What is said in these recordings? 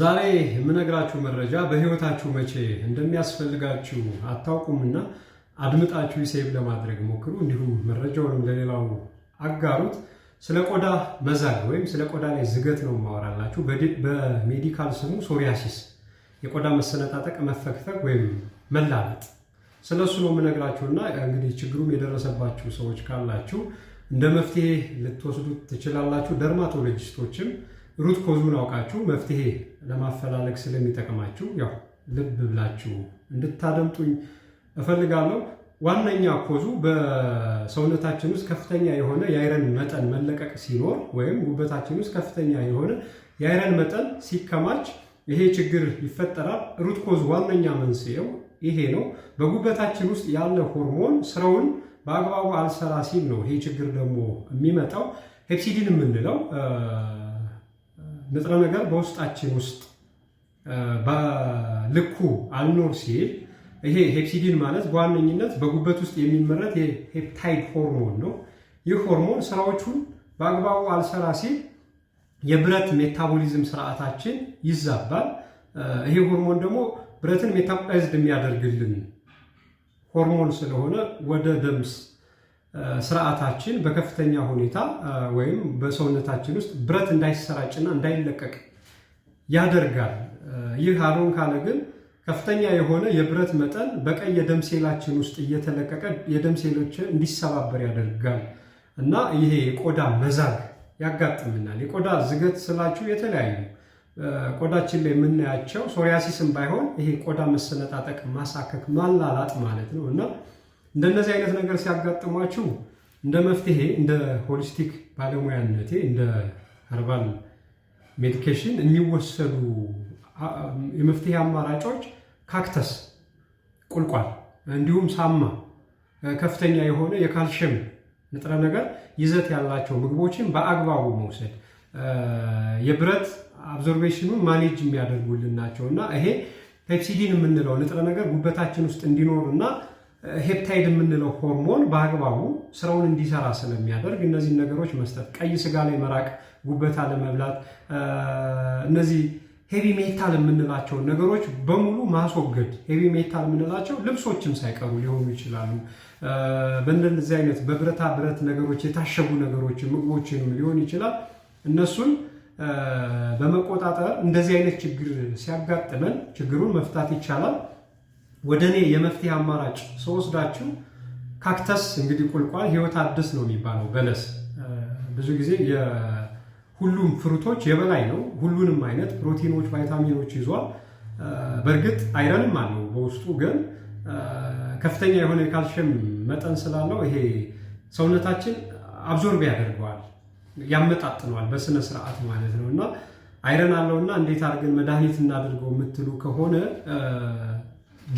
ዛሬ የምነግራችሁ መረጃ በህይወታችሁ መቼ እንደሚያስፈልጋችሁ አታውቁምና አድምጣችሁ ሴቭ ለማድረግ ሞክሩ። እንዲሁም መረጃውንም ለሌላው አጋሩት። ስለ ቆዳ መዛግ ወይም ስለ ቆዳ ላይ ዝገት ነው ማወራላችሁ። በሜዲካል ስሙ ሶሪያሲስ፣ የቆዳ መሰነጣጠቅ፣ መፈግፈግ ወይም መላለጥ ስለ እሱ ነው የምነግራችሁና እንግዲህ ችግሩም የደረሰባችሁ ሰዎች ካላችሁ እንደ መፍትሄ ልትወስዱት ትችላላችሁ። ደርማቶሎጂስቶችም ሩት ኮዙን አውቃችሁ መፍትሄ ለማፈላለግ ስለሚጠቅማችሁ ያው ልብ ብላችሁ እንድታደምጡኝ እፈልጋለሁ። ዋነኛ ኮዙ በሰውነታችን ውስጥ ከፍተኛ የሆነ የአይረን መጠን መለቀቅ ሲኖር ወይም ጉበታችን ውስጥ ከፍተኛ የሆነ የአይረን መጠን ሲከማች ይሄ ችግር ይፈጠራል። ሩት ኮዝ ዋነኛ መንስኤው ይሄ ነው። በጉበታችን ውስጥ ያለ ሆርሞን ስራውን በአግባቡ አልሰራ ሲል ነው ይሄ ችግር ደግሞ የሚመጣው። ሄፕሲዲን የምንለው ንጥረ ነገር በውስጣችን ውስጥ በልኩ አልኖር ሲል ይሄ ሄፕሲዲን ማለት በዋነኝነት በጉበት ውስጥ የሚመረት የሄፕታይድ ሆርሞን ነው። ይህ ሆርሞን ስራዎቹን በአግባቡ አልሰራ ሲል የብረት ሜታቦሊዝም ስርዓታችን ይዛባል። ይሄ ሆርሞን ደግሞ ብረትን ሜታቦላይዝድ የሚያደርግልን ሆርሞን ስለሆነ ወደ ደምስ ስርዓታችን በከፍተኛ ሁኔታ ወይም በሰውነታችን ውስጥ ብረት እንዳይሰራጭና እንዳይለቀቅ ያደርጋል። ይህ አልሆን ካለ ግን ከፍተኛ የሆነ የብረት መጠን በቀይ የደም ሴላችን ውስጥ እየተለቀቀ የደም ሴሎችን እንዲሰባበር ያደርጋል እና ይሄ የቆዳ መዛግ ያጋጥምናል። የቆዳ ዝገት ስላችሁ የተለያዩ ቆዳችን ላይ የምናያቸው ሶሪያሲስም ባይሆን ይሄ ቆዳ መሰነጣጠቅ፣ ማሳከክ፣ ማላላጥ ማለት ነው እና እንደነዚህ አይነት ነገር ሲያጋጥሟችሁ እንደ መፍትሄ እንደ ሆሊስቲክ ባለሙያነቴ እንደ ርባል ሜዲኬሽን የሚወሰዱ የመፍትሄ አማራጮች ካክተስ፣ ቁልቋል እንዲሁም ሳማ ከፍተኛ የሆነ የካልሽየም ንጥረ ነገር ይዘት ያላቸው ምግቦችን በአግባቡ መውሰድ የብረት አብዞርቬሽኑን ማኔጅ የሚያደርጉልን ናቸው እና ይሄ ፔፕሲዲን የምንለው ንጥረ ነገር ጉበታችን ውስጥ እንዲኖር እና ሄፕታይድ የምንለው ሆርሞን በአግባቡ ስራውን እንዲሰራ ስለሚያደርግ እነዚህን ነገሮች መስጠት፣ ቀይ ስጋ ላይ መራቅ፣ ጉበት አለመብላት፣ እነዚህ ሄቪ ሜታል የምንላቸው ነገሮች በሙሉ ማስወገድ። ሄቪ ሜታል የምንላቸው ልብሶችም ሳይቀሩ ሊሆኑ ይችላሉ። በእንደዚህ አይነት በብረታ ብረት ነገሮች የታሸጉ ነገሮችን ምግቦችንም ሊሆን ይችላል። እነሱን በመቆጣጠር እንደዚህ አይነት ችግር ሲያጋጥመን ችግሩን መፍታት ይቻላል። ወደ እኔ የመፍትሄ አማራጭ ስወስዳችሁ ካክተስ እንግዲህ ቁልቋል ህይወት አዲስ ነው የሚባለው። በለስ ብዙ ጊዜ የሁሉም ፍሩቶች የበላይ ነው። ሁሉንም አይነት ፕሮቲኖች፣ ቫይታሚኖች ይዟል። በእርግጥ አይረንም አለው በውስጡ ግን ከፍተኛ የሆነ የካልሽየም መጠን ስላለው ይሄ ሰውነታችን አብዞርብ ያደርገዋል፣ ያመጣጥነዋል በስነ ስርዓት ማለት ነው። እና አይረን አለውና እንዴት አድርገን መድኃኒት እናደርገው የምትሉ ከሆነ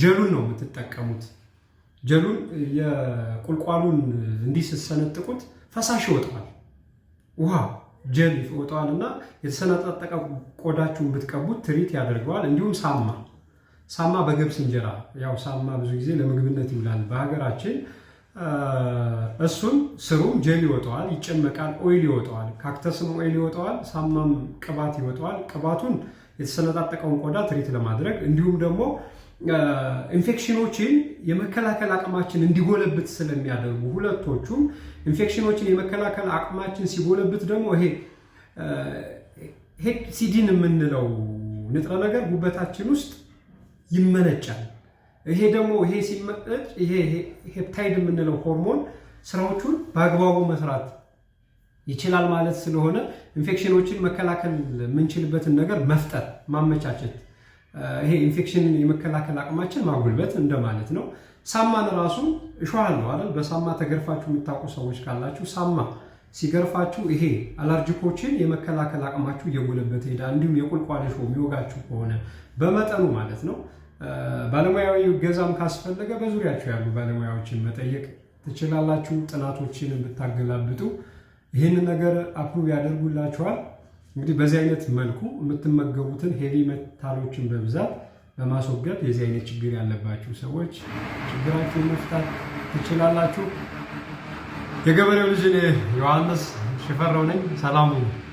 ጀሉን ነው የምትጠቀሙት። ጀሉን የቁልቋሉን እንዲህ ስትሰነጥቁት ፈሳሽ ይወጣዋል፣ ውሃ ጀል ይወጣዋል እና የተሰነጣጠቀ ቆዳችሁን ብትቀቡት ትሪት ያደርገዋል። እንዲሁም ሳማ ሳማ በገብስ እንጀራ ያው ሳማ ብዙ ጊዜ ለምግብነት ይውላል በሀገራችን። እሱን ስሩም ጀል ይወጣዋል፣ ይጨመቃል፣ ኦይል ይወጣዋል፣ ካክተስም ኦይል ይወጣዋል፣ ሳማም ቅባት ይወጣዋል። ቅባቱን የተሰነጣጠቀውን ቆዳ ትሪት ለማድረግ እንዲሁም ደግሞ ኢንፌክሽኖችን የመከላከል አቅማችን እንዲጎለብት ስለሚያደርጉ ሁለቶቹም ኢንፌክሽኖችን የመከላከል አቅማችን ሲጎለብት ደግሞ ይሄ ሄፕሲዲን የምንለው ንጥረ ነገር ጉበታችን ውስጥ ይመነጫል። ይሄ ደግሞ ይሄ ሲመነጭ ይሄ ሄፕታይድ የምንለው ሆርሞን ስራዎቹን በአግባቡ መስራት ይችላል ማለት ስለሆነ ኢንፌክሽኖችን መከላከል የምንችልበትን ነገር መፍጠር ማመቻቸት ይሄ ኢንፌክሽን የመከላከል አቅማችን ማጉልበት እንደማለት ነው። ሳማን ራሱ እሾሃል ነው አይደል? በሳማ ተገርፋችሁ የምታውቁ ሰዎች ካላችሁ ሳማ ሲገርፋችሁ ይሄ አለርጂኮችን የመከላከል አቅማችሁ እየጎለበት ሄዳ እንዲሁም የቁልቋል እሾህ የሚወጋችሁ ከሆነ በመጠኑ ማለት ነው። ባለሙያዊ ገዛም ካስፈለገ በዙሪያችሁ ያሉ ባለሙያዎችን መጠየቅ ትችላላችሁ። ጥናቶችን ብታገላብጡ ይህንን ነገር አፕሩቭ ያደርጉላችኋል። እንግዲህ በዚህ አይነት መልኩ የምትመገቡትን ሄቪ ሜታሎችን በብዛት በማስወገድ የዚህ አይነት ችግር ያለባችሁ ሰዎች ችግራችሁን መፍታት ትችላላችሁ። የገበሬው ልጅ ዮሐንስ ሽፈራው ነኝ። ሰላሙ